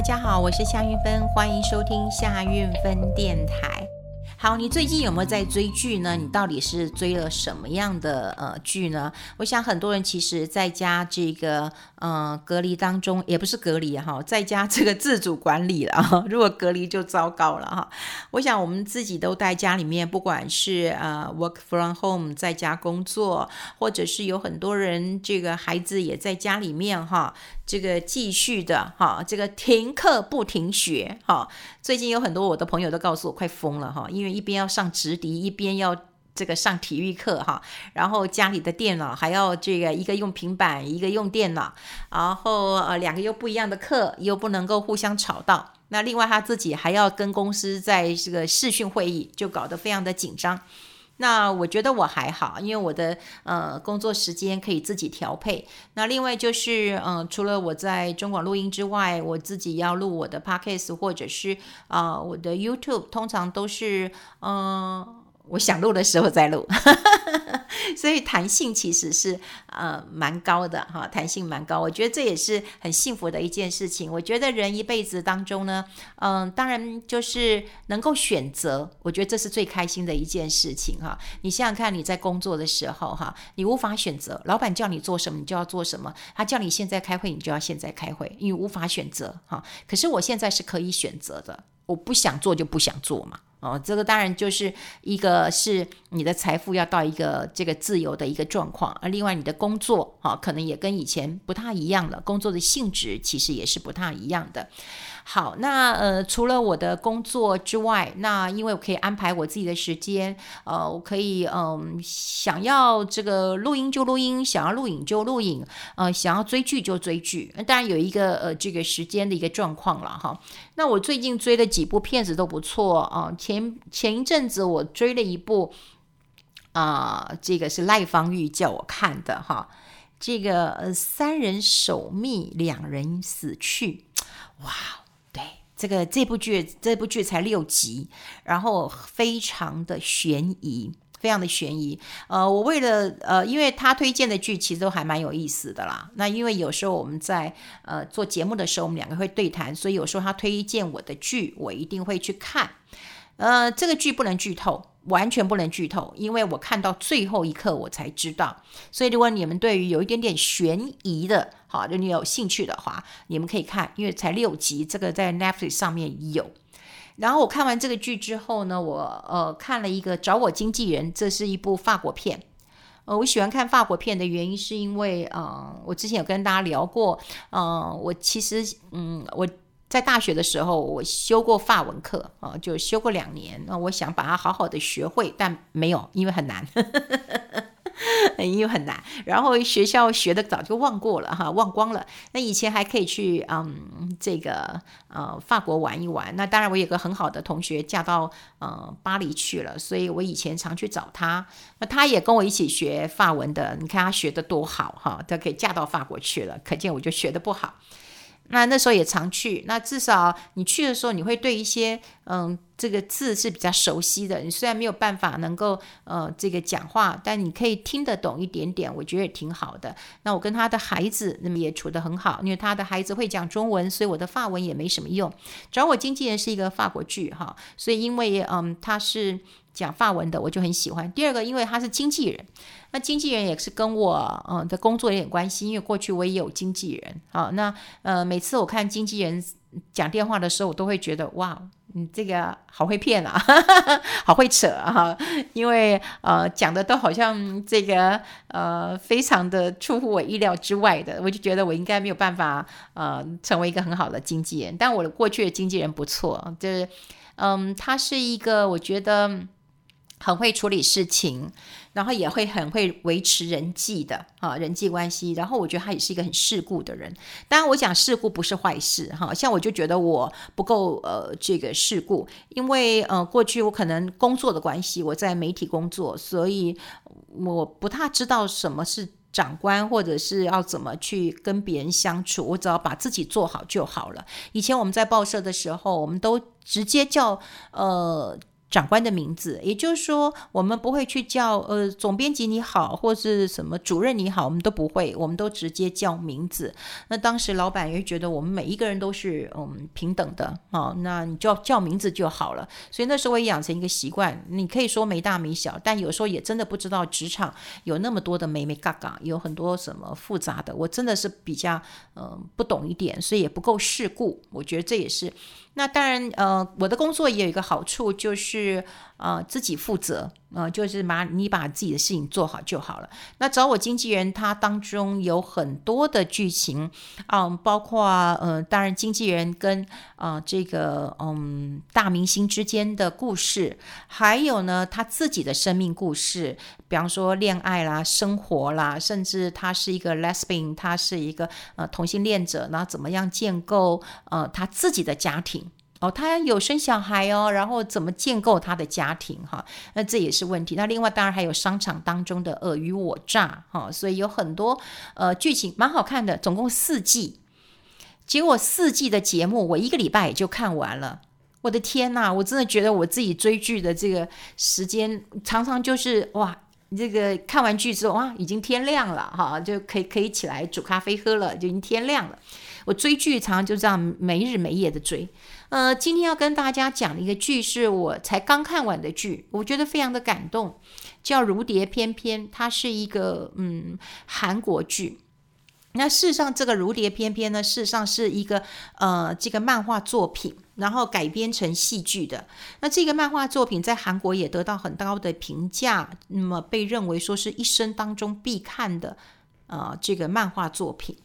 大家好，我是夏韻芬，歡迎收聽夏韻芬電台。好，你最近有沒有在追劇呢？你到底是追了什麼樣的呃劇呢？我想很多人其實在家這個。嗯、呃，隔離當中也不是隔離哈，在家這個自主管理了。如果隔離就糟糕了哈。我想我們自己都在家裡面，不管是呃 work from home 在家工作，或者是有很多人這個孩子也在家裡面哈，這個繼續的哈，這個停課不停學哈。最近有很多我的朋友都告訴我快瘋了哈，因為一邊要上直笛，一邊要。這個上體育課哈，然後家裡的電腦還要這個一個用平板，一個用電腦，然後呃兩個又不一樣的課，又不能夠互相吵到。那另外他自己還要跟公司在這個視訊會議，就搞得非常的緊張。那我覺得我還好，因為我的呃工作時間可以自己調配。那另外就是嗯、呃，除了我在中廣錄音之外，我自己要錄我的 podcast 或者是啊、呃、我的 YouTube，通常都是嗯。呃我想錄的時候再錄， 所以彈性其實是呃蠻高的哈，彈性蠻高。我覺得這也是很幸福的一件事情。我覺得人一輩子當中呢，嗯、呃，當然就是能夠選擇，我覺得這是最開心的一件事情哈、哦。你想想看，你在工作的時候哈、哦，你無法選擇，老闆叫你做什麼你就要做什麼，他叫你現在開會你就要現在開會，因為無法選擇哈、哦。可是我現在是可以選擇的，我不想做就不想做嘛。哦，這個當然就是一個是你的財富要到一個這個自由的一個狀況，而另外你的工作啊，哦，可能也跟以前不太一樣了，工作的性質其實也是不太一樣的。好，那呃，除了我的工作之外，那因為我可以安排我自己的時間，呃，我可以嗯、呃，想要這個錄音就錄音，想要錄影就錄影，呃，想要追劇就追劇。當然有一個呃這個時間的一個狀況了哈。那我最近追的幾部片子都不錯啊、呃。前前一陣子我追了一部啊、呃，這個是賴芳玉叫我看的哈，這個呃，三人守密，兩人死去，哇。這個這部劇，這部劇才六集，然後非常的懸疑，非常的懸疑。呃，我為了呃，因為他推薦的劇其實都還蠻有意思的啦。那因為有時候我們在呃做節目的時候，我們兩個會對談，所以有時候他推薦我的劇，我一定會去看。呃，這個劇不能劇透，完全不能劇透，因為我看到最後一刻我才知道。所以如果你們對於有一點點懸疑的，好，就你有興趣的話，你們可以看，因為才六集，這個在 Netflix 上面有。然後我看完這個劇之後呢，我呃看了一個《找我經紀人》，這是一部法國片。呃，我喜歡看法國片的原因是因為，嗯、呃，我之前有跟大家聊過，嗯、呃，我其實，嗯，我。在大學的時候，我修過法文課哦，就修過兩年。那我想把它好好的學會，但沒有，因為很難，呵呵因為很難。然後學校學的早就忘過了哈，忘光了。那以前還可以去嗯，這個呃法國玩一玩。那當然，我有個很好的同學嫁到嗯、呃，巴黎去了，所以我以前常去找她。那她也跟我一起學法文的，你看她學的多好哈，她可以嫁到法國去了，可見我就學的不好。那那時候也常去，那至少你去的時候，你會對一些，嗯，這個字是比較熟悉的。你雖然沒有辦法能夠呃這個講話，但你可以聽得懂一點點，我覺得也挺好的。那我跟他的孩子那麼也處得很好，因為他的孩子會講中文，所以我的法文也沒什麼用。主要我經紀人是一個法國劇哈，所以因為嗯他是講法文的，我就很喜歡。第二個，因為他是經紀人，那經紀人也是跟我嗯的工作有點關係，因為過去我也有經紀人。好，那呃每次我看經紀人講電話的時候，我都會覺得哇。你這個好會騙啊， 好會扯啊！因為呃，講的都好像這個呃，非常的出乎我意料之外的，我就覺得我應該沒有辦法呃，成為一個很好的經紀人。但我的過去的經紀人不錯，就是嗯，他是一個我覺得。很會處理事情，然後也會很會維持人際的啊，人際關係，然後我覺得他也是一個很世故的人。當然，我講世故不是壞事哈，像我就覺得我不夠呃這個世故，因為呃過去我可能工作的關係，我在媒體工作，所以我不太知道什麼是長官或者是要怎麼去跟別人相處，我只要把自己做好就好了。以前我們在報社的時候，我們都直接叫呃。長官的名字，也就是說，我們不會去叫呃總編輯你好，或是什麼主任你好，我們都不會，我們都直接叫名字。那當時老闆也覺得我們每一個人都是嗯平等的啊、哦，那你叫叫名字就好了。所以那時候也養成一個習慣，你可以說沒大沒小，但有時候也真的不知道職場有那麼多的眉眉角角，有很多什麼複雜的，我真的是比較嗯、呃、不懂一點，所以也不夠世故，我覺得這也是。那當然，呃，我的工作也有一個好處，就是。啊、呃，自己負責啊、呃，就是把你把自己的事情做好就好了。那《找我經紀人》，他當中有很多的劇情，嗯、呃，包括呃，當然經紀人跟啊、呃、這個嗯、呃、大明星之間的故事，還有呢他自己的生命故事，比方說戀愛啦、生活啦，甚至他是一個 lesbian，他是一個呃同性戀者，那怎麼樣建構呃他自己的家庭？哦，她有生小孩哦，然後怎麼建構她的家庭哈？那這也是問題。那另外當然還有商場當中的呃、爾虞我詐哈，所以有很多呃劇情蠻好看的，總共四季。結果四季的節目我一個禮拜也就看完了。我的天吶，我真的覺得我自己追劇的這個時間常常就是哇，這個看完劇之後哇，已經天亮了哈，就可以可以起來煮咖啡喝了，就已經天亮了。我追劇常常就這樣沒日沒夜的追。呃，今天要跟大家講的一個劇是我才剛看完的劇，我覺得非常的感動，叫《如蝶翩翩》，它是一個嗯韓國劇。那事實上，這個《如蝶翩翩》呢，事實上是一個呃這個漫畫作品，然後改編成戲劇的。那這個漫畫作品在韓國也得到很高的評價，那麼被認為說是一生當中必看的呃這個漫畫作品。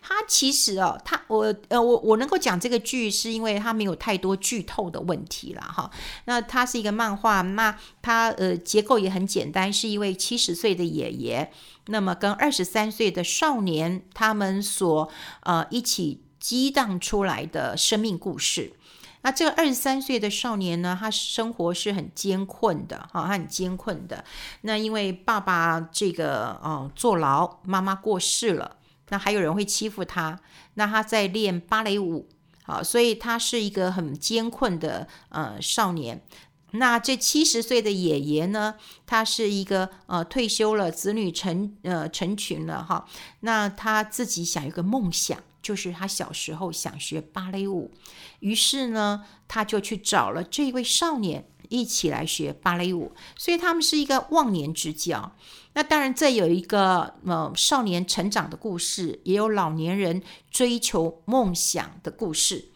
他其實哦，他我呃我我能夠講這個劇，是因為它沒有太多劇透的問題啦哈。那它是一個漫畫，那它呃結構也很簡單，是一位七十歲的爺爺，那麼跟二十三歲的少年他們所呃一起激盪出來的生命故事。那這個二十三歲的少年呢，他生活是很艱困的哈，他很艱困的。那因為爸爸這個哦、呃、坐牢，媽媽過世了。那還有人會欺負他，那他在練芭蕾舞，好，所以他是一個很艱困的呃少年。那這七十歲的爺爺呢，他是一個呃退休了，子女成呃成群了哈。那他自己想一個夢想，就是他小時候想學芭蕾舞，於是呢，他就去找了這位少年一起來學芭蕾舞，所以他們是一個忘年之交。那當然，這有一個，呃，少年成長的故事，也有老年人追求夢想的故事，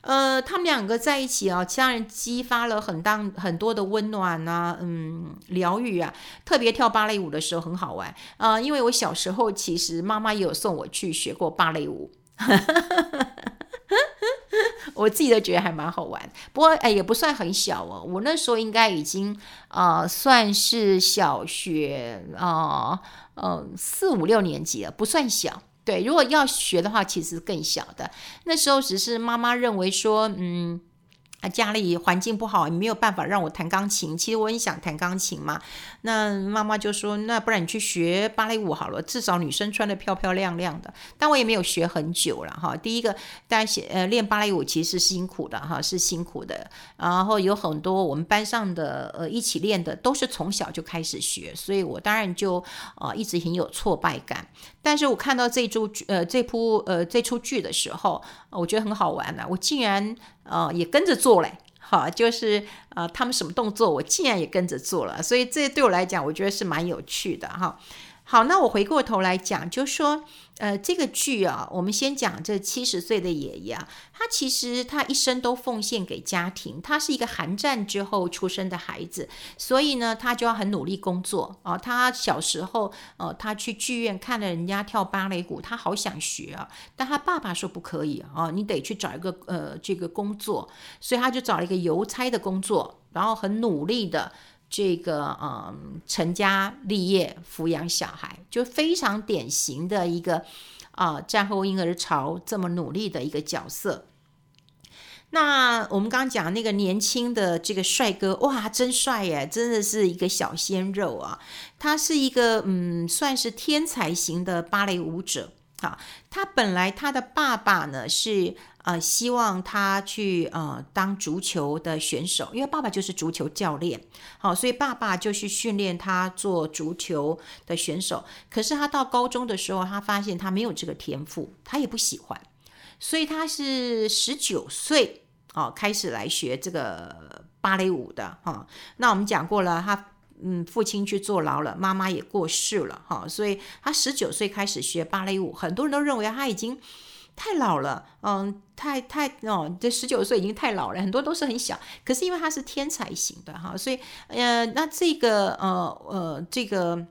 呃，他們兩個在一起啊，其他人激發了很大很多的溫暖吶，啊，嗯，療癒啊，特別跳芭蕾舞的時候很好玩啊，呃，因為我小時候其實媽媽也有送我去學過芭蕾舞。 我自己都覺得還蠻好玩，不過誒也不算很小哦。我那時候應該已經啊、呃，算是小學啊，嗯、呃，四五六年級了，不算小。對，如果要學的話，其實更小的。那時候只是媽媽認為說，嗯，家裡環境不好，你沒有辦法讓我彈鋼琴。其實我很想彈鋼琴嘛。那媽媽就說：“那不然你去學芭蕾舞好了，至少女生穿得漂漂亮亮的。”但我也沒有學很久了哈。第一個，大家呃練芭蕾舞其實是辛苦的哈，是辛苦的。然後有很多我們班上的呃一起練的都是從小就開始學，所以我當然就啊、呃、一直很有挫敗感。但是我看到這出呃這部呃這出劇的時候，我覺得很好玩吶、啊，我竟然啊、呃、也跟着做嘞。好，就是呃，他們什麼動作，我竟然也跟着做了，所以這對我來講，我覺得是蠻有趣的哈。好，那我回過頭來講，就是說，呃，這個劇啊，我們先講這七十歲的爺爺，啊，他其實他一生都奉獻給家庭，他是一個韓戰之後出生的孩子，所以呢，他就要很努力工作啊。他小時候，呃、啊，他去劇院看了人家跳芭蕾舞，他好想學啊，但他爸爸說不可以啊，你得去找一個呃這個工作，所以他就找了一個郵差的工作，然後很努力的。這個嗯、呃，成家立業、撫養小孩，就非常典型的一個啊、呃，戰後嬰兒潮這麼努力的一個角色。那我們剛剛講那個年輕的這個帥哥，哇，他真帥耶，真的是一個小鮮肉啊！他是一個嗯，算是天才型的芭蕾舞者。好、啊，他本來他的爸爸呢是。呃，希望他去呃當足球的選手，因為爸爸就是足球教練，好，所以爸爸就去訓練他做足球的選手。可是他到高中的時候，他發現他沒有這個天賦，他也不喜歡，所以他是十九歲哦開始來學這個芭蕾舞的哈、哦。那我們講過了，他嗯，父親去坐牢了，媽媽也過世了哈、哦，所以他十九歲開始學芭蕾舞，很多人都認為他已經。太老了，嗯，太太哦，這十九歲已經太老了，很多都是很小。可是因為他是天才型的哈，所以呃，那這個呃呃這個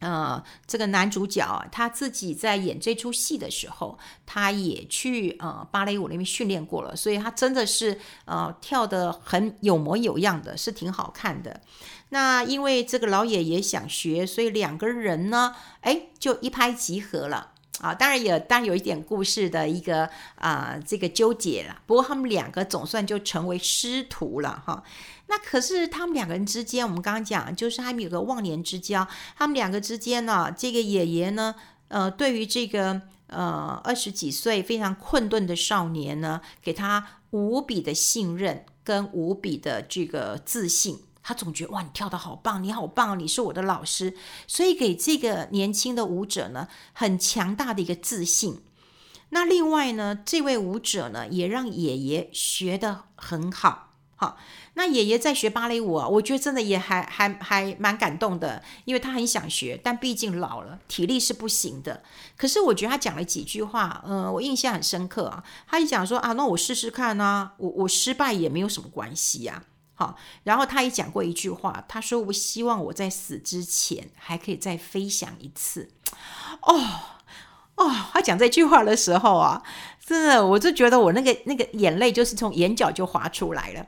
呃這個男主角他自己在演這出戲的時候，他也去呃芭蕾舞那邊訓練過了，所以他真的是呃跳得很有模有樣的，是挺好看的。那因為這個老爺爺也想學，所以兩個人呢，哎，就一拍即合了。啊，當然也，當然有一點故事的一個啊、呃，這個糾結了。不過他們兩個總算就成為師徒了，哈。那可是他們兩個人之間，我們剛剛講，就是他們有個忘年之交。他們兩個之間呢、啊，這個爺爺呢，呃，對於這個呃二十幾歲非常困頓的少年呢，給他無比的信任跟無比的這個自信。他總覺得哇，你跳得好棒，你好棒，你是我的老師，所以給這個年輕的舞者呢，很強大的一個自信。那另外呢，這位舞者呢，也讓爺爺學得很好，好，那爺爺在學芭蕾舞，啊，我覺得真的也還還還蠻感動的，因為他很想學，但畢竟老了，體力是不行的。可是我覺得他講了幾句話，嗯、呃，我印象很深刻啊。他一講說啊，那我試試看呢、啊，我我失敗也沒有什麼關係呀、啊。好，然後他也講過一句話，他說：“我希望我在死之前還可以再飛翔一次。”哦哦哦，他講這句話的時候啊，真的，我就覺得我那個那個眼淚就是從眼角就滑出來了，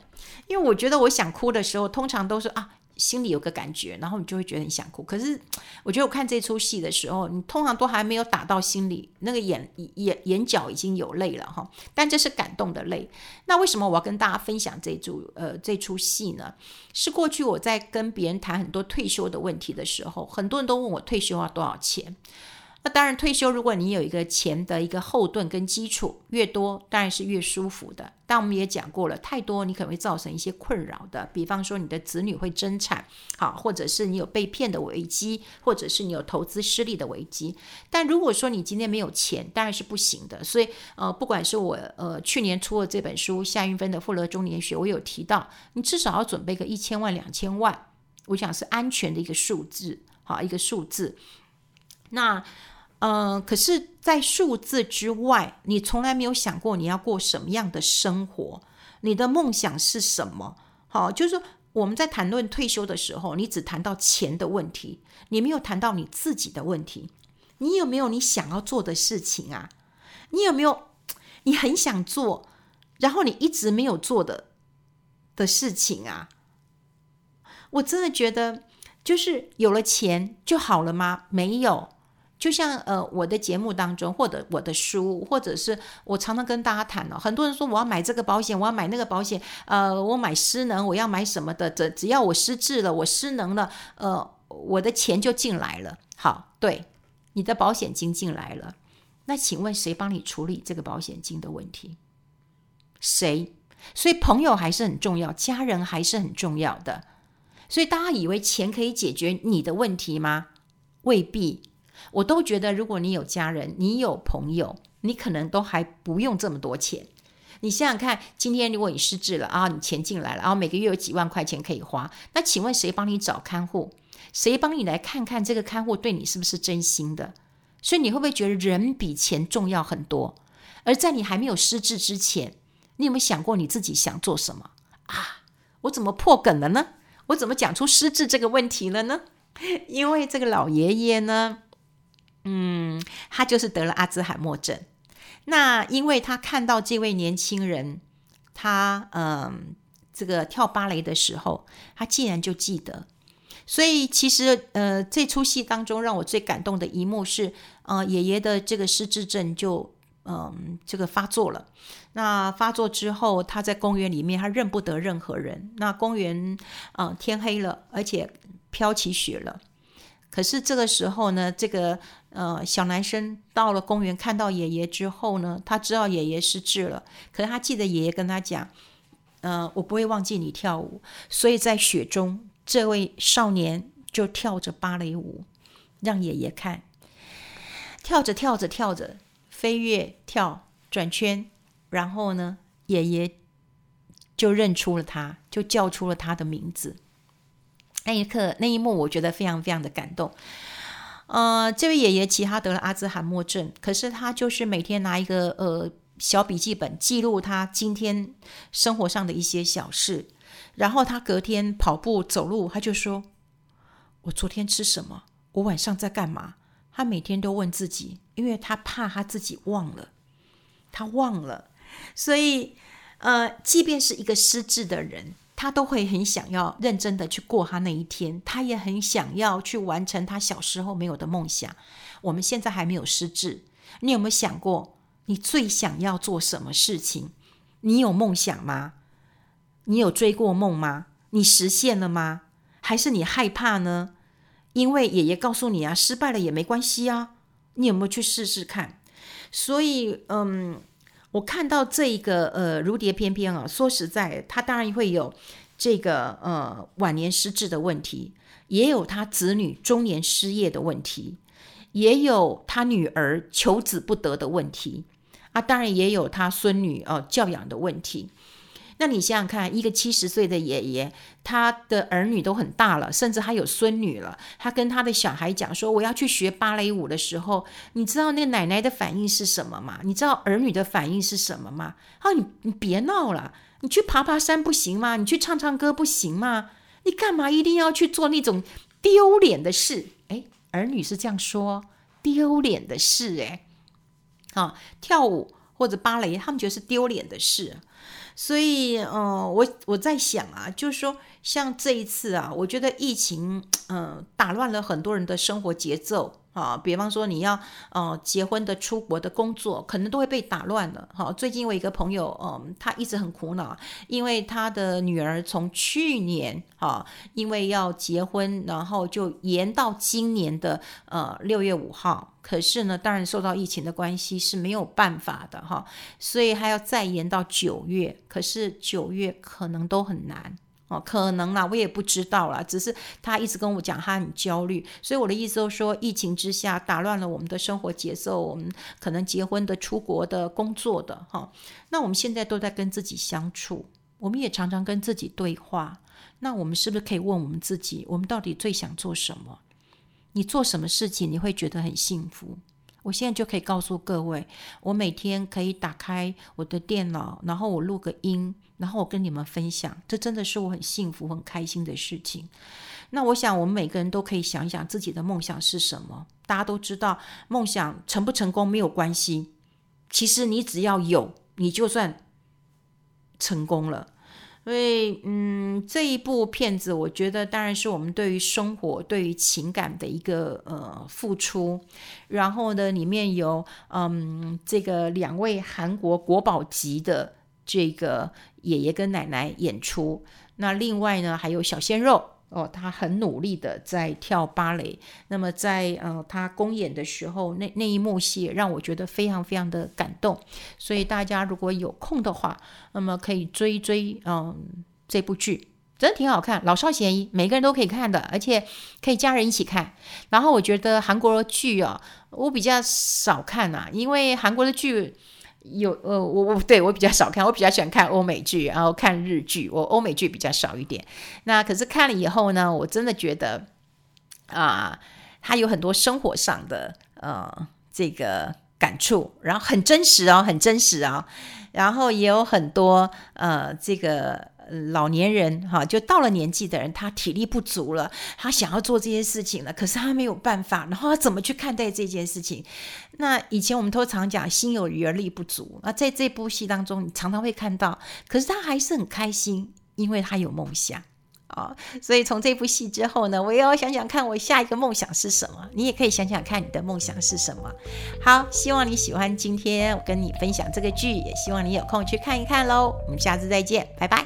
因為我覺得我想哭的時候，通常都是啊。心裡有個感覺，然後你就會覺得很想哭。可是，我覺得我看這出戲的時候，你通常都還沒有打到心裡，那個眼眼眼角已經有淚了哈。但這是感動的淚。那為什麼我要跟大家分享這組呃這出戲呢？是過去我在跟別人談很多退休的問題的時候，很多人都問我退休要多少錢？那當然，退休如果你有一個錢的一個後盾跟基礎，越多當然是越舒服的。但我們也講過了，太多你可能會造成一些困擾的，比方說你的子女會爭產，好，或者是你有被騙的危機，或者是你有投資失利的危機。但如果說你今天沒有錢，當然是不行的。所以，呃，不管是我呃去年出了這本書《夏韻芬的富樂中年學》，我有提到，你至少要準備個一千萬、兩千萬，我想是安全的一個數字，好，一個數字。那，呃，可是，在數字之外，你從來沒有想過你要過什麼樣的生活？你的夢想是什麼？好，就是說我們在談論退休的時候，你只談到錢的問題，你沒有談到你自己的問題。你有沒有你想要做的事情啊？你有沒有你很想做，然後你一直沒有做的的事情啊？我真的覺得，就是有了錢就好了嗎？沒有。就像呃，我的節目當中，或者我的書，或者是我常常跟大家談哦，很多人說我要買這個保險，我要買那個保險，呃，我買失能，我要買什麼的？只只要我失智了，我失能了，呃，我的錢就進來了。好，對，你的保險金進來了。那請問誰幫你處理這個保險金的問題？誰？所以朋友還是很重要，家人還是很重要的。所以大家以為錢可以解決你的問題嗎？未必。我都覺得，如果你有家人，你有朋友，你可能都還不用這麼多錢。你想想看，今天如果你失智了啊，你錢進來了啊，每個月有幾萬塊錢可以花，那請問誰幫你找看護？誰幫你來看看這個看護對你是不是真心的？所以你會不會覺得人比錢重要很多？而在你還沒有失智之前，你有沒有想過你自己想做什麼啊？我怎麼破梗了呢？我怎麼講出失智這個問題了呢？因為這個老爺爺呢，嗯，他就是得了阿茲海默症。那因為他看到這位年輕人，他嗯、呃，這個跳芭蕾的時候，他竟然就記得。所以其實，呃，這出戲當中讓我最感動的一幕是，呃，爺爺的這個失智症就嗯、呃，這個發作了。那發作之後，他在公園裡面，他認不得任何人。那公園啊、呃，天黑了，而且飄起雪了。可是這個時候呢，這個呃小男生到了公園，看到爺爺之後呢，他知道爺爺失智了，可是他記得爺爺跟他講，呃，我不會忘記你跳舞，所以在雪中，這位少年就跳着芭蕾舞，讓爺爺看。跳着跳着跳着，飛躍跳轉圈，然後呢，爺爺就認出了他，就叫出了他的名字。那一刻，那一幕，我覺得非常非常的感動。呃，這位爺爺，其他得了阿茲海默症，可是他就是每天拿一個呃小筆記本記錄他今天生活上的一些小事，然後他隔天跑步走路，他就說：“我昨天吃什麼？我晚上在幹嘛？”他每天都問自己，因為他怕他自己忘了，他忘了，所以呃，即便是一個失智的人。他都會很想要認真的去過他那一天，他也很想要去完成他小時候沒有的夢想。我們現在還沒有失智。你有沒有想過，你最想要做什麼事情？你有夢想嗎？你有追過夢嗎？你實現了嗎？還是你害怕呢？因為爺爺告訴你啊，失敗了也沒關係啊。你有沒有去試試看？所以，嗯。我看到這一個呃如蝶翩翩啊，說實在，他當然會有這個呃晚年失智的問題，也有他子女中年失業的問題，也有他女兒求子不得的問題啊，當然也有他孫女哦、呃、教養的問題。那你想想看，一個七十歲的爺爺，他的兒女都很大了，甚至還有孫女了。他跟他的小孩講說：“我要去學芭蕾舞的時候，你知道那奶奶的反應是什麼嗎？你知道兒女的反應是什麼嗎？”啊，你你別鬧了，你去爬爬山不行嗎？你去唱唱歌不行嗎？你幹嘛一定要去做那種丟臉的事？哎，兒女是這樣說，丟臉的事、欸啊，跳舞或者芭蕾，他們覺得是丟臉的事。所以，嗯、呃，我我在想啊，就是說，像這一次啊，我覺得疫情，嗯、呃，打亂了很多人的生活節奏。啊，比方說你要呃結婚的、出國的工作，可能都會被打亂了。哈，最近我一個朋友，嗯，他一直很苦惱，因為他的女兒從去年哈，因為要結婚，然後就延到今年的呃六月五號。可是呢，當然受到疫情的關係是沒有辦法的哈，所以還要再延到九月。可是九月可能都很難。哦，可能啦，我也不知道啦，只是他一直跟我講，他很焦慮。所以我的意思就是說，疫情之下打亂了我們的生活節奏，我們可能結婚的、出國的、工作的，哈、哦。那我們現在都在跟自己相處，我們也常常跟自己對話。那我們是不是可以問我們自己，我們到底最想做什麼？你做什麼事情你會覺得很幸福？我現在就可以告訴各位，我每天可以打開我的電腦，然後我錄個音。然後我跟你們分享，這真的是我很幸福、很開心的事情。那我想，我們每個人都可以想一想自己的夢想是什麼。大家都知道，夢想成不成功沒有關係。其實你只要有，你就算成功了。所以，嗯，這一部片子，我覺得當然是我們對於生活、對於情感的一個呃付出。然後呢，裡面有嗯，這個兩位韓國國寶級的這個。爺爺跟奶奶演出，那另外呢還有小鮮肉哦，他很努力地在跳芭蕾。那麼在呃他公演的時候，那那一幕戲讓我覺得非常非常的感動。所以大家如果有空的話，那麼可以追追嗯這部劇，真的挺好看，老少咸宜，每個人都可以看的，而且可以家人一起看。然後我覺得韓國的劇哦、啊，我比較少看吶、啊，因為韓國的劇。有呃，我我對我比較少看，我比較喜歡看歐美劇，然後看日劇。我歐美劇比較少一點，那可是看了以後呢，我真的覺得啊、呃，它有很多生活上的呃這個感觸，然後很真實哦，很真實啊、哦，然後也有很多呃這個。老年人哈，就到了年紀的人，他體力不足了，他想要做這些事情了，可是他沒有辦法。然後他怎麼去看待這件事情？那以前我們都常講“心有餘而力不足”，那在這部戲當中，你常常會看到，可是他還是很開心，因為他有夢想哦。所以從這部戲之後呢，我也要想想看我下一個夢想是什麼。你也可以想想看你的夢想是什麼。好，希望你喜歡今天我跟你分享這個劇，也希望你有空去看一看嘍。我們下次再見，拜拜。